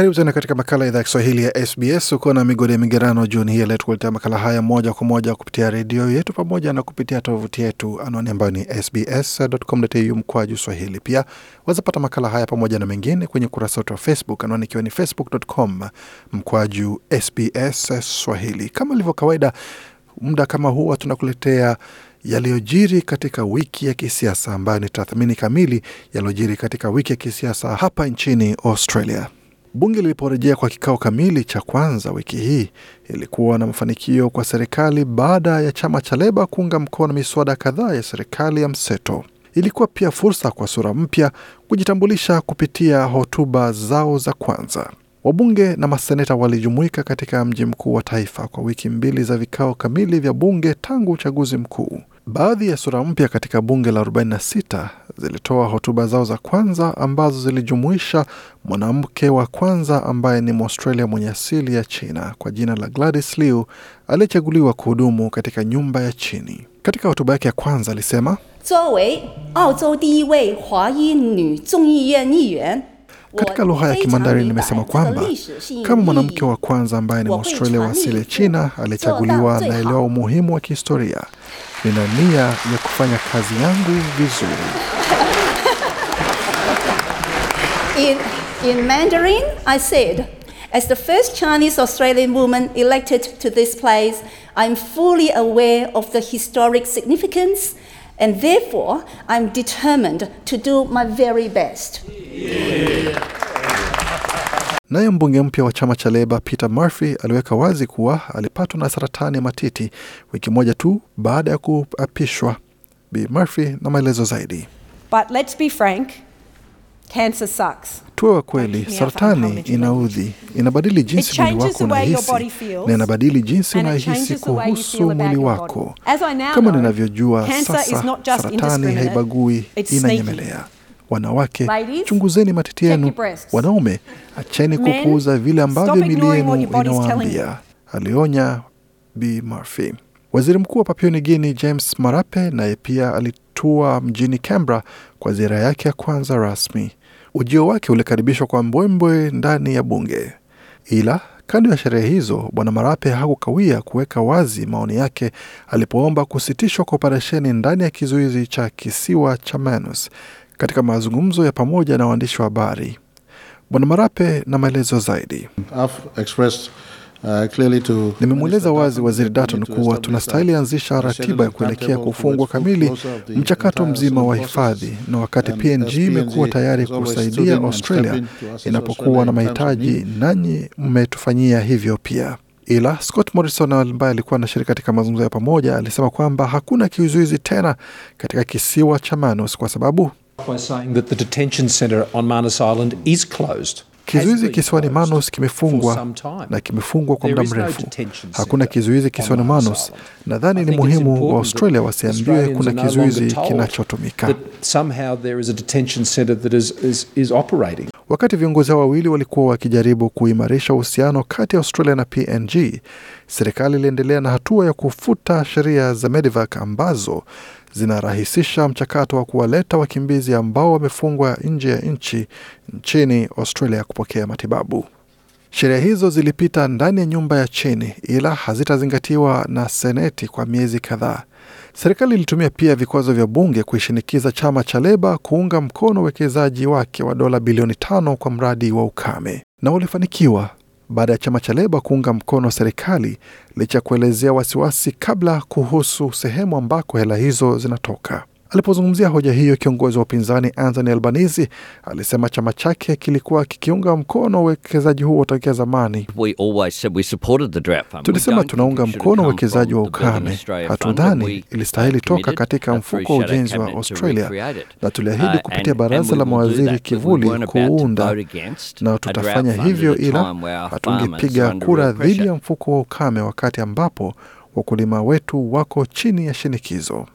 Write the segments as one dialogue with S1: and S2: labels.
S1: Karibu tena katika makala idhaa ya Kiswahili ya SBS. Uko na migodi ya migerano jioni hii leo, tukuletea makala haya moja kwa moja kupitia redio yetu pamoja na kupitia tovuti yetu, anwani ambayo ni sbs.com.au mkwaju swahili. Pia wazapata makala haya pamoja na mengine kwenye ukurasa wetu wa Facebook, anwani ikiwa ni facebook.com mkwaju sbs swahili. Kama ilivyo kawaida, muda kama huwa tunakuletea yaliyojiri katika wiki ya kisiasa ambayo ni tathmini kamili yaliyojiri katika wiki ya kisiasa hapa nchini Australia. Bunge liliporejea kwa kikao kamili cha kwanza wiki hii, ilikuwa na mafanikio kwa serikali baada ya chama cha Leba kuunga mkono miswada kadhaa ya serikali ya mseto. Ilikuwa pia fursa kwa sura mpya kujitambulisha kupitia hotuba zao za kwanza. Wabunge na maseneta walijumuika katika mji mkuu wa taifa kwa wiki mbili za vikao kamili vya bunge tangu uchaguzi mkuu. Baadhi ya sura mpya katika bunge la 46 zilitoa hotuba zao za kwanza ambazo zilijumuisha mwanamke wa kwanza ambaye ni Mwaustralia mwenye asili ya China kwa jina la Gladys Liu aliyechaguliwa kuhudumu katika nyumba ya chini. Katika hotuba yake ya kwanza alisema, Zowe, katika lugha ya Kimandarin nimesema kwamba kama mwanamke wa kwanza ambaye ni Mwaustralia wa asili ya China aliyechaguliwa, naelewa umuhimu wa kihistoria. Nina nia ya kufanya kazi yangu vizuri. In, in Mandarin, I said, As the first Chinese Australian woman elected to this place, I'm fully aware of the historic significance and therefore I'm determined to do my very best. Yeah. Naye mbunge mpya wa chama cha Leba Peter Murphy aliweka wazi kuwa alipatwa na saratani ya matiti wiki moja tu baada ya kuapishwa. Bi Murphy na maelezo zaidi. But let's be frank, cancer sucks. Tuwe wa kweli, saratani inaudhi, inabadili jinsi mwili wako unahisi na inabadili jinsi unahisi kuhusu mwili wako. Kama ninavyojua sasa, saratani haibagui, inanyemelea Wanawake, chunguzeni matiti yenu. Wanaume, acheni kupuuza vile ambavyo mili yenu inawaambia, alionya Bi Murphy. Waziri Mkuu wa Papua New Guinea James Marape naye pia alitua mjini Canberra kwa ziara yake ya kwanza rasmi. Ujio wake ulikaribishwa kwa mbwembwe ndani ya bunge, ila kando ya sherehe hizo, Bwana Marape hakukawia kuweka wazi maoni yake alipoomba kusitishwa kwa operesheni ndani ya kizuizi cha kisiwa cha Manus katika mazungumzo ya pamoja na waandishi wa habari. Bwana Marape na maelezo zaidi. Uh, nimemweleza wazi Waziri Daton kuwa tunastahili anzisha ratiba ya kuelekea kufungwa kamili mchakato mzima wa hifadhi, na wakati PNG imekuwa tayari kusaidia Australia inapokuwa na mahitaji, nanyi mmetufanyia hivyo pia. Ila Scott Morrison ambaye alikuwa anashiriki katika mazungumzo ya pamoja alisema kwamba hakuna kizuizi tena katika kisiwa cha Manus kwa sababu Kizuizi kisiwani Manus kimefungwa na kimefungwa kwa muda mrefu. Hakuna kizuizi kisiwani Manus. Nadhani ni muhimu wa Australia wasiambiwe kuna kizuizi kinachotumika. Wakati viongozi hao wawili walikuwa wakijaribu kuimarisha uhusiano kati ya Australia na PNG, serikali iliendelea na hatua ya kufuta sheria za Medivac ambazo zinarahisisha mchakato wa kuwaleta wakimbizi ambao wamefungwa nje ya nchi nchini Australia kupokea matibabu. Sheria hizo zilipita ndani ya nyumba ya chini, ila hazitazingatiwa na seneti kwa miezi kadhaa. Serikali ilitumia pia vikwazo vya bunge kuishinikiza chama cha Leba kuunga mkono uwekezaji wake wa dola bilioni tano kwa mradi wa ukame, na walifanikiwa baada ya chama cha Leba kuunga mkono serikali licha ya kuelezea wasiwasi kabla kuhusu sehemu ambako hela hizo zinatoka. Alipozungumzia hoja hiyo, kiongozi wa upinzani Anthony Albanese alisema chama chake kilikuwa kikiunga mkono uwekezaji huo tokea zamani. Tulisema tunaunga mkono uwekezaji wa ukame, hatudhani ilistahili toka katika mfuko wa ujenzi wa Australia, na tuliahidi uh, kupitia baraza la mawaziri kivuli kuunda, na tutafanya hivyo, ila hatungepiga kura dhidi ya mfuko wa ukame wakati ambapo wakulima wetu wako chini ya shinikizo.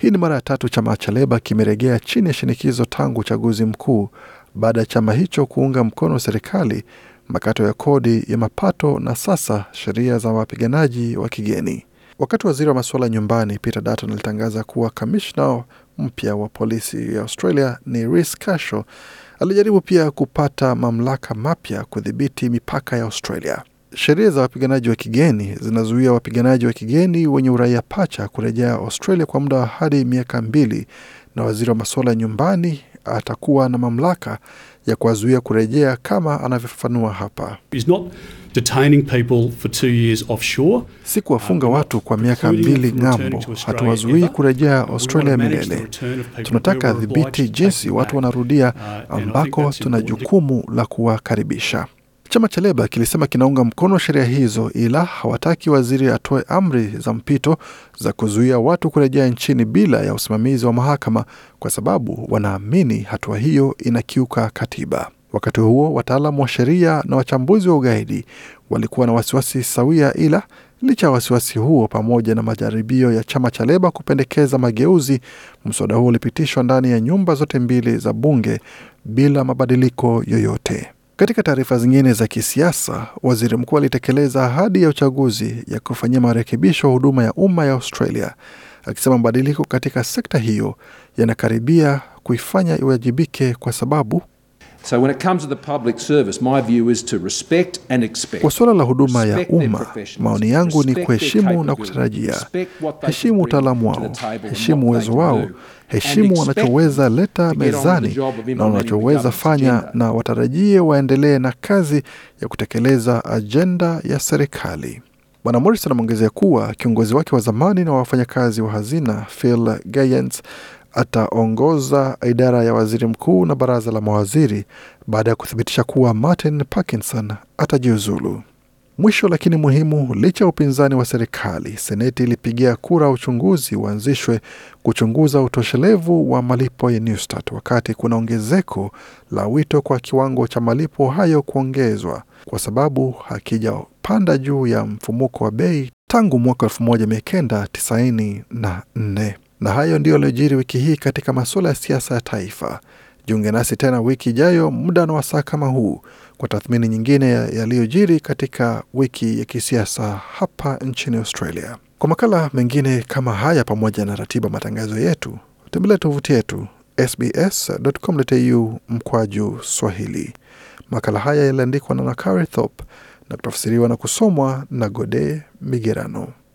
S1: Hii ni mara ya tatu chama cha Leba kimeregea chini ya shinikizo tangu uchaguzi mkuu baada ya chama hicho kuunga mkono serikali, makato ya kodi ya mapato na sasa sheria za wapiganaji wa kigeni. Wakati waziri wa masuala nyumbani Peter Dutton alitangaza kuwa kamishna mpya wa polisi ya Australia ni ris Casho, alijaribu pia kupata mamlaka mapya kudhibiti mipaka ya Australia. Sheria za wapiganaji wa kigeni zinazuia wapiganaji wa kigeni wenye uraia pacha kurejea Australia kwa muda wa hadi miaka mbili, na waziri wa masuala ya nyumbani atakuwa na mamlaka ya kuwazuia kurejea kama anavyofafanua hapa. Si kuwafunga um, watu kwa miaka mbili ng'ambo, hatuwazuii kurejea Australia milele. Tunataka dhibiti jinsi watu wanarudia, uh, ambako tuna jukumu la kuwakaribisha. Chama cha Leba kilisema kinaunga mkono sheria hizo, ila hawataki waziri atoe amri za mpito za kuzuia watu kurejea nchini bila ya usimamizi wa mahakama, kwa sababu wanaamini hatua hiyo inakiuka katiba. Wakati huo wataalam wa sheria na wachambuzi wa ugaidi walikuwa na wasiwasi sawia, ila licha ya wasiwasi huo, pamoja na majaribio ya chama cha Leba kupendekeza mageuzi, mswada huo ulipitishwa ndani ya nyumba zote mbili za bunge bila mabadiliko yoyote. Katika taarifa zingine za kisiasa, waziri mkuu alitekeleza ahadi ya uchaguzi ya kufanyia marekebisho huduma ya umma ya Australia, akisema mabadiliko katika sekta hiyo yanakaribia kuifanya iwajibike kwa sababu So when it comes to the public service, my view is to respect and expect. Kwa suala la huduma ya umma, maoni yangu ni kuheshimu na kutarajia. Heshimu utaalamu wao, heshimu uwezo wao, heshimu wanachoweza leta mezani na wanachoweza fanya, na watarajie waendelee na kazi ya kutekeleza ajenda ya serikali. Bwana Morrison ameongezea kuwa kiongozi wake wa zamani na wafanyakazi wa hazina Phil Gayens ataongoza idara ya waziri mkuu na baraza la mawaziri baada ya kuthibitisha kuwa Martin Parkinson atajiuzulu. Mwisho lakini muhimu, licha ya upinzani wa serikali, seneti ilipigia kura uchunguzi uanzishwe kuchunguza utoshelevu wa malipo ya Newstart, wakati kuna ongezeko la wito kwa kiwango cha malipo hayo kuongezwa kwa sababu hakijapanda juu ya mfumuko wa bei tangu mwaka 1994. Na hayo ndiyo yaliyojiri wiki hii katika masuala ya siasa ya taifa. Jiunge nasi tena wiki ijayo muda na wasaa kama huu kwa tathmini nyingine yaliyojiri katika wiki ya kisiasa hapa nchini Australia. Kwa makala mengine kama haya, pamoja na ratiba matangazo yetu, tembelea tovuti yetu sbs.com.au mkwaju Swahili. Makala haya yaliandikwa na Nakari na kutafsiriwa na kusomwa na Gode Migerano.